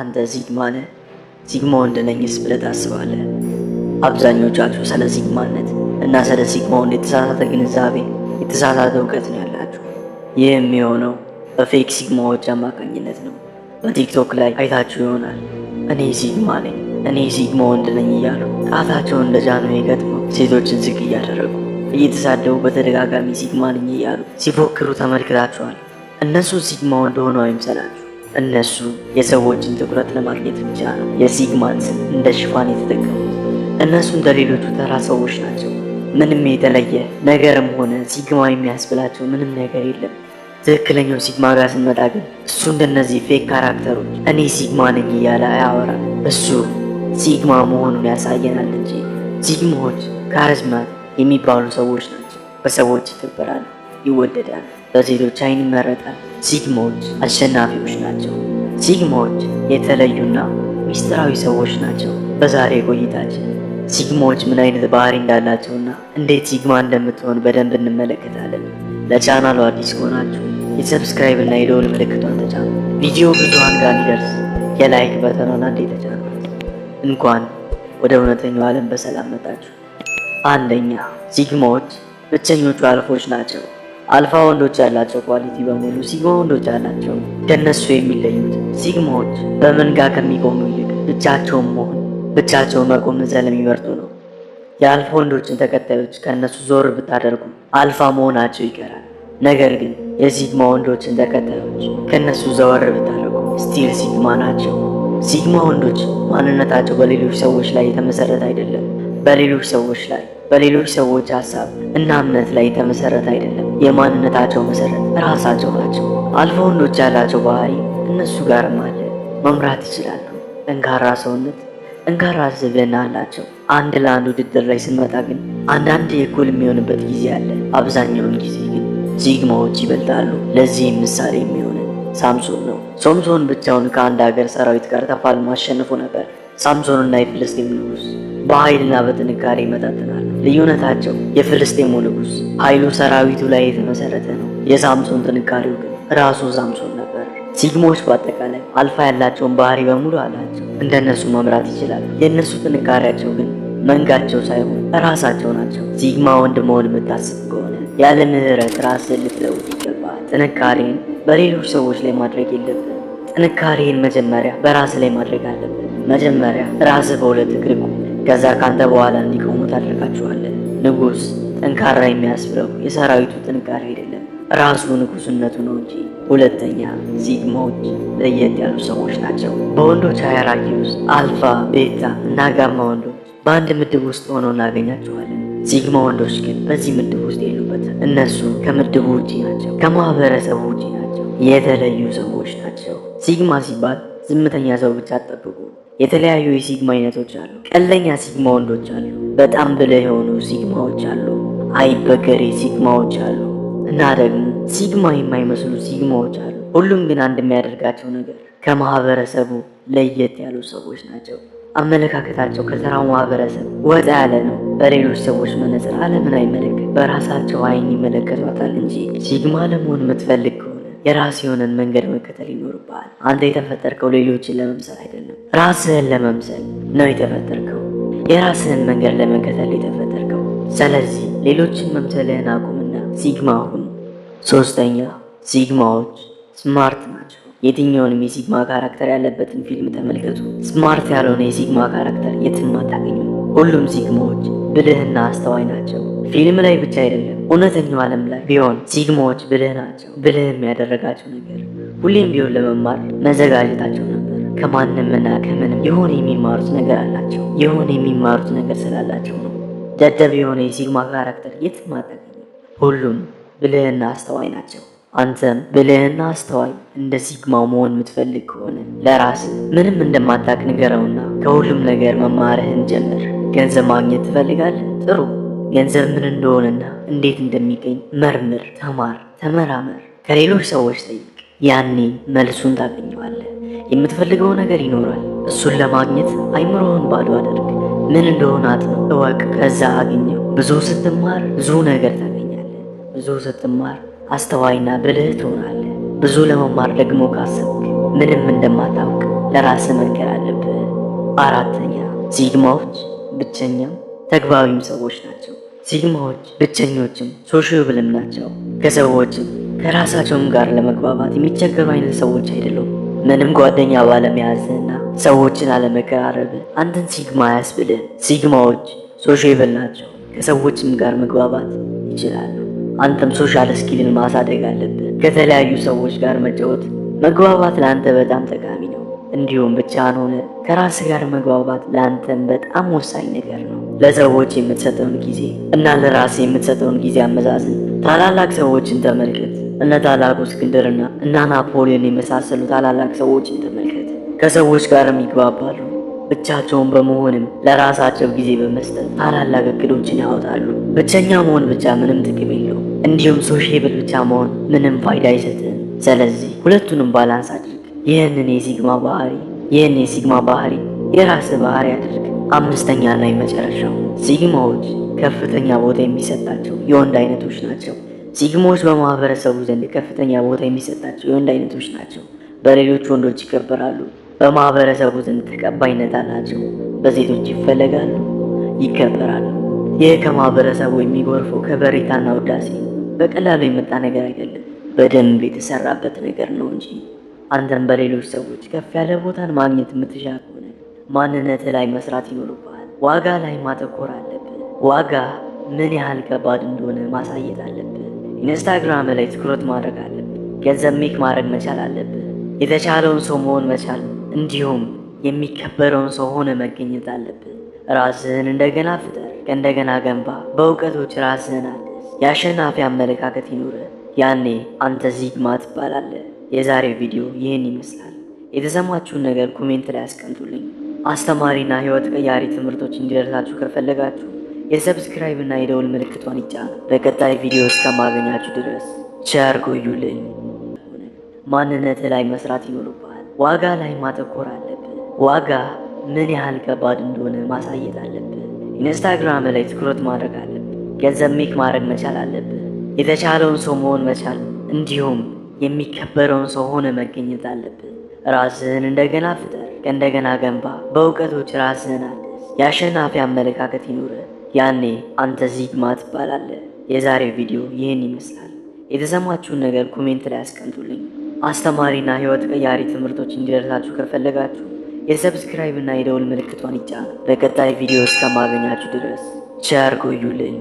አንተ ሲግማ ነህ፣ ወንድ ነኝስ ብለህ ታስባለህ። አብዛኞቻችሁ ስለ ሲግማነት እና ስለ ሲግማ ወንድ የተሳሳተ ግንዛቤ፣ የተሳሳተ እውቀት ነው ያላችሁ። ይህ የሚሆነው በፌክ ሲግማዎች አማካኝነት ነው። በቲክቶክ ላይ አይታችሁ ይሆናል። እኔ ሲግማ ነኝ፣ እኔ ሲግማ ወንድ ነኝ እያሉ ጣታቸውን እንደ ጃኖ ገጥመው ሴቶችን ዝግ እያደረጉ እየተሳደቡ በተደጋጋሚ ሲግማ ነኝ እያሉ ሲፎክሩ ተመልክታችኋል። እነሱ ሲግማ ወንድ ሆነው አይምሰላችሁ። እነሱ የሰዎችን ትኩረት ለማግኘት ብቻ ነው የሲግማን ስም እንደ ሽፋን የተጠቀሙት። እነሱ እንደ ሌሎቹ ተራ ሰዎች ናቸው። ምንም የተለየ ነገርም ሆነ ሲግማ የሚያስብላቸው ምንም ነገር የለም። ትክክለኛው ሲግማ ጋር ስንመጣ ግን እሱ እንደነዚህ ፌክ ካራክተሮች እኔ ሲግማ ነኝ እያለ አያወራም። እሱ ሲግማ መሆኑን ያሳየናል እንጂ ሲግማዎች ካረዝማ የሚባሉ ሰዎች ናቸው። በሰዎች ይከበራሉ፣ ይወደዳል። በሴቶች አይን ይመረጣል። ሲግማዎች አሸናፊዎች ናቸው። ሲግማዎች የተለዩና ሚስጥራዊ ሰዎች ናቸው። በዛሬ ቆይታችን ሲግማዎች ምን አይነት ባህሪ እንዳላቸውና እንዴት ሲግማ እንደምትሆን በደንብ እንመለከታለን። ለቻናሉ አዲስ ከሆናችሁ የሰብስክራይብ እና የደወል ምልክቷን ተጫኑ። ቪዲዮ ብዙሃን ጋር እንዲደርስ የላይክ በተኗን አንዴ ተጫኑ። እንኳን ወደ እውነተኛው ዓለም በሰላም መጣችሁ። አንደኛ ሲግማዎች ብቸኞቹ አልፎች ናቸው። አልፋ ወንዶች ያላቸው ኳሊቲ በሙሉ ሲግማ ወንዶች አላቸው ከነሱ የሚለዩት ሲግማዎች በመንጋ ከሚቆሙ ይልቅ ብቻቸውን መሆን ብቻቸውን መቆምን ስለሚመርጡ ነው። የአልፋ ወንዶችን ተከታዮች ከእነሱ ዞር ብታደርጉ አልፋ መሆናቸው ይቀራል። ነገር ግን የሲግማ ወንዶችን ተከታዮች ከእነሱ ዘወር ብታደርጉ ስቲል ሲግማ ናቸው። ሲግማ ወንዶች ማንነታቸው በሌሎች ሰዎች ላይ የተመሰረተ አይደለም። በሌሎች ሰዎች ላይ በሌሎች ሰዎች ሀሳብ እና እምነት ላይ የተመሰረተ አይደለም። የማንነታቸው መሰረት ራሳቸው ናቸው። አልፎ ወንዶች ያላቸው ባህሪ እነሱ ጋርም አለ። መምራት ይችላሉ። ጠንካራ ሰውነት፣ ጠንካራ ስብዕና አላቸው። አንድ ለአንድ ውድድር ላይ ስንመጣ ግን አንዳንድ የኩል የሚሆንበት ጊዜ አለ። አብዛኛውን ጊዜ ግን ዚግማዎች ይበልጣሉ። ለዚህም ምሳሌ የሚሆን ሳምሶን ነው። ሶምሶን ብቻውን ከአንድ ሀገር ሰራዊት ጋር ተፋልሞ አሸንፎ ነበር። ሳምሶንና የፍልስጤም ንጉስ በኃይልና በጥንካሬ ይመጣጥናል። ልዩነታቸው የፍልስጤሙ ንጉሥ ኃይሉ ሰራዊቱ ላይ የተመሰረተ ነው። የሳምሶን ጥንካሬው ግን ራሱ ሳምሶን ነበር። ሲግሞች በአጠቃላይ አልፋ ያላቸውን ባህሪ በሙሉ አላቸው። እንደነሱ መምራት ይችላል። የእነሱ ጥንካሬያቸው ግን መንጋቸው ሳይሆን ራሳቸው ናቸው። ሲግማ ወንድ መሆን የምታስብ ከሆነ ያለ ምህረት ራስን ልትለውጥ ይገባል። ጥንካሬን በሌሎች ሰዎች ላይ ማድረግ የለብን። ጥንካሬን መጀመሪያ በራስ ላይ ማድረግ አለብን። መጀመሪያ ራስ በሁለት እግር ከዛ ካንተ በኋላ እንዲቆሙ ታደርጋቸዋለህ። ንጉሥ ጠንካራ የሚያስብለው የሰራዊቱ ጥንካሬ አይደለም፣ ራሱ ንጉስነቱ ነው እንጂ። ሁለተኛ ዚግማዎች ለየት ያሉ ሰዎች ናቸው። በወንዶች ሃይራርኪ ውስጥ አልፋ፣ ቤታ እና ጋማ ወንዶች በአንድ ምድብ ውስጥ ሆነው እናገኛቸዋለን። ዚግማ ወንዶች ግን በዚህ ምድብ ውስጥ የሉበትም። እነሱ ከምድቡ ውጪ ናቸው፣ ከማህበረሰቡ ውጪ ናቸው፣ የተለዩ ሰዎች ናቸው። ሲግማ ሲባል ዝምተኛ ሰው ብቻ አትጠብቁ። የተለያዩ የሲግማ አይነቶች አሉ። ቀለኛ ሲግማ ወንዶች አሉ። በጣም ብልህ የሆኑ ሲግማዎች አሉ። አይበገሬ ሲግማዎች አሉ እና ደግሞ ሲግማ የማይመስሉ ሲግማዎች አሉ። ሁሉም ግን አንድ የሚያደርጋቸው ነገር ከማህበረሰቡ ለየት ያሉ ሰዎች ናቸው። አመለካከታቸው ከተራው ማህበረሰብ ወጣ ያለ ነው። በሌሎች ሰዎች መነጽር ዓለምን አይመለከት፣ በራሳቸው አይን ይመለከቷታል እንጂ ሲግማ ለመሆን የምትፈልግ የራስ የሆነን መንገድ መከተል ይኖርብሃል። አንተ የተፈጠርከው ሌሎችን ለመምሰል አይደለም፣ ራስህን ለመምሰል ነው የተፈጠርከው። የራስህን መንገድ ለመከተል የተፈጠርከው። ስለዚህ ሌሎችን መምሰልህን አቁምና ሲግማ ሁን። ሶስተኛ ሲግማዎች ስማርት ናቸው። የትኛውንም የሲግማ ካራክተር ያለበትን ፊልም ተመልከቱ። ስማርት ያልሆነ የሲግማ ካራክተር የትም አታገኙ። ሁሉም ሲግማዎች ብልህና አስተዋይ ናቸው። ፊልም ላይ ብቻ አይደለም፣ እውነተኛው ዓለም ላይ ቢሆን ሲግማዎች ብልህ ናቸው። ብልህም ያደረጋቸው ነገር ሁሌም ቢሆን ለመማር መዘጋጀታቸው ነበር። ከማንምና ከምንም የሆነ የሚማሩት ነገር አላቸው። የሆነ የሚማሩት ነገር ስላላቸው ነው። ደደብ የሆነ የሲግማ ካራክተር የት አታገኝም። ሁሉም ብልህና አስተዋይ ናቸው። አንተም ብልህና አስተዋይ እንደ ሲግማው መሆን የምትፈልግ ከሆነ ለራስ ምንም እንደማታቅ ንገረውና ከሁሉም ነገር መማርህን ጀምር። ገንዘብ ማግኘት ትፈልጋለህ? ጥሩ ገንዘብ ምን እንደሆነና እንዴት እንደሚገኝ መርምር፣ ተማር፣ ተመራመር፣ ከሌሎች ሰዎች ጠይቅ። ያኔ መልሱን ታገኘዋለህ። የምትፈልገው ነገር ይኖራል። እሱን ለማግኘት አይምሮህን ባዶ አደርግ ምን እንደሆነ አጥነው እወቅ፣ ከዛ አገኘው። ብዙ ስትማር ብዙ ነገር ታገኛለህ። ብዙ ስትማር አስተዋይና ብልህ ትሆናለህ። ብዙ ለመማር ደግሞ ካሰብክ ምንም እንደማታውቅ ለራስህ መንገር አለብህ። አራተኛ ዚግማዎች ብቸኛም ተግባቢም ሰዎች ናቸው። ሲግማዎች ብቸኞችም ሶሽብልም ናቸው። ከሰዎችም ከራሳቸውም ጋር ለመግባባት የሚቸገሩ አይነት ሰዎች አይደሉም። ምንም ጓደኛ ባለመያዝና ሰዎችን አለመቀራረብ አንድን ሲግማ አያስብልህም። ሲግማዎች ሶሽብል ናቸው። ከሰዎችም ጋር መግባባት ይችላሉ። አንተም ሶሻል ስኪልን ማሳደግ አለብህ። ከተለያዩ ሰዎች ጋር መጫወት መግባባት ለአንተ በጣም ጠቃሚ ነው። እንዲሁም ብቻህን ሆነ ከራስህ ጋር መግባባት ለአንተም በጣም ወሳኝ ነገር ነው። ለሰዎች የምትሰጠውን ጊዜ እና ለራስ የምትሰጠውን ጊዜ አመዛዝን። ታላላቅ ሰዎችን ተመልከት። እነ ታላቁ እስክንድርና እና ናፖሊዮን የመሳሰሉ ታላላቅ ሰዎችን ተመልከት። ከሰዎች ጋርም ይግባባሉ። ብቻቸውን በመሆንም ለራሳቸው ጊዜ በመስጠት ታላላቅ እቅዶችን ያወጣሉ። ብቸኛ መሆን ብቻ ምንም ጥቅም የለው፣ እንዲሁም ሶሽብል ብቻ መሆን ምንም ፋይዳ አይሰጥም። ስለዚህ ሁለቱንም ባላንስ አድርግ። ይህንን የሲግማ ባህሪ ይህን የሲግማ ባህሪ የራስ ባህሪ አድርግ። አምስተኛ ላይ መጨረሻው ሲግማዎች ከፍተኛ ቦታ የሚሰጣቸው የወንድ አይነቶች ናቸው። ሲግማዎች በማህበረሰቡ ዘንድ ከፍተኛ ቦታ የሚሰጣቸው የወንድ አይነቶች ናቸው። በሌሎች ወንዶች ይከበራሉ። በማህበረሰቡ ዘንድ ተቀባይነት አላቸው። በሴቶች ይፈለጋሉ፣ ይከበራሉ። ይህ ከማህበረሰቡ የሚጎርፈው ከበሬታና ውዳሴ በቀላሉ የመጣ ነገር አይደለም፣ በደንብ የተሰራበት ነገር ነው እንጂ አንተም በሌሎች ሰዎች ከፍ ያለ ቦታን ማግኘት የምትሻ ከሆነ ማንነት ላይ መስራት ይኖርብሃል። ዋጋ ላይ ማተኮር አለብን። ዋጋ ምን ያህል ከባድ እንደሆነ ማሳየት አለብን። ኢንስታግራም ላይ ትኩረት ማድረግ አለብ ገንዘብ ሜክ ማድረግ መቻል አለብን። የተቻለውን ሰው መሆን መቻል፣ እንዲሁም የሚከበረውን ሰው ሆነ መገኘት አለብን። ራስህን እንደገና ፍጠር፣ እንደገና ገንባ። በእውቀቶች ራስህን አድስ። የአሸናፊ አመለካከት ይኑርህ። ያኔ አንተ ዚግማ ትባላለህ። የዛሬው ቪዲዮ ይህን ይመስላል። የተሰማችሁን ነገር ኮሜንት ላይ አስቀምጡልኝ። አስተማሪና ህይወት ቀያሪ ትምህርቶች እንዲደርሳችሁ ከፈለጋችሁ የሰብስክራይብ እና የደውል ምልክቷን ይጫኑ። በቀጣይ ቪዲዮ እስከማገኛችሁ ድረስ ቸር ቆዩልኝ። ማንነት ላይ መስራት ይኖርብሃል። ዋጋ ላይ ማተኮር አለብን። ዋጋ ምን ያህል ከባድ እንደሆነ ማሳየት አለብን። ኢንስታግራም ላይ ትኩረት ማድረግ አለብህ። ገንዘብ ሜክ ማድረግ መቻል አለብን። የተቻለውን ሰው መሆን መቻል እንዲሁም የሚከበረውን ሰው ሆነ መገኘት አለብን። ራስህን እንደገና ፍጠ እንደገና ገንባ። በእውቀቶች ራስህን አድስ። የአሸናፊ አመለካከት ይኑር፣ ያኔ አንተ ዚግማ ትባላለህ። የዛሬው ቪዲዮ ይህን ይመስላል። የተሰማችሁን ነገር ኮሜንት ላይ አስቀምጡልኝ። አስተማሪና ህይወት ቀያሪ ትምህርቶች እንዲደርሳችሁ ከፈለጋችሁ የሰብስክራይብ እና የደውል ምልክቷን ይጫኑ። በቀጣይ ቪዲዮ እስከማገኛችሁ ድረስ ቸር ቆዩልኝ።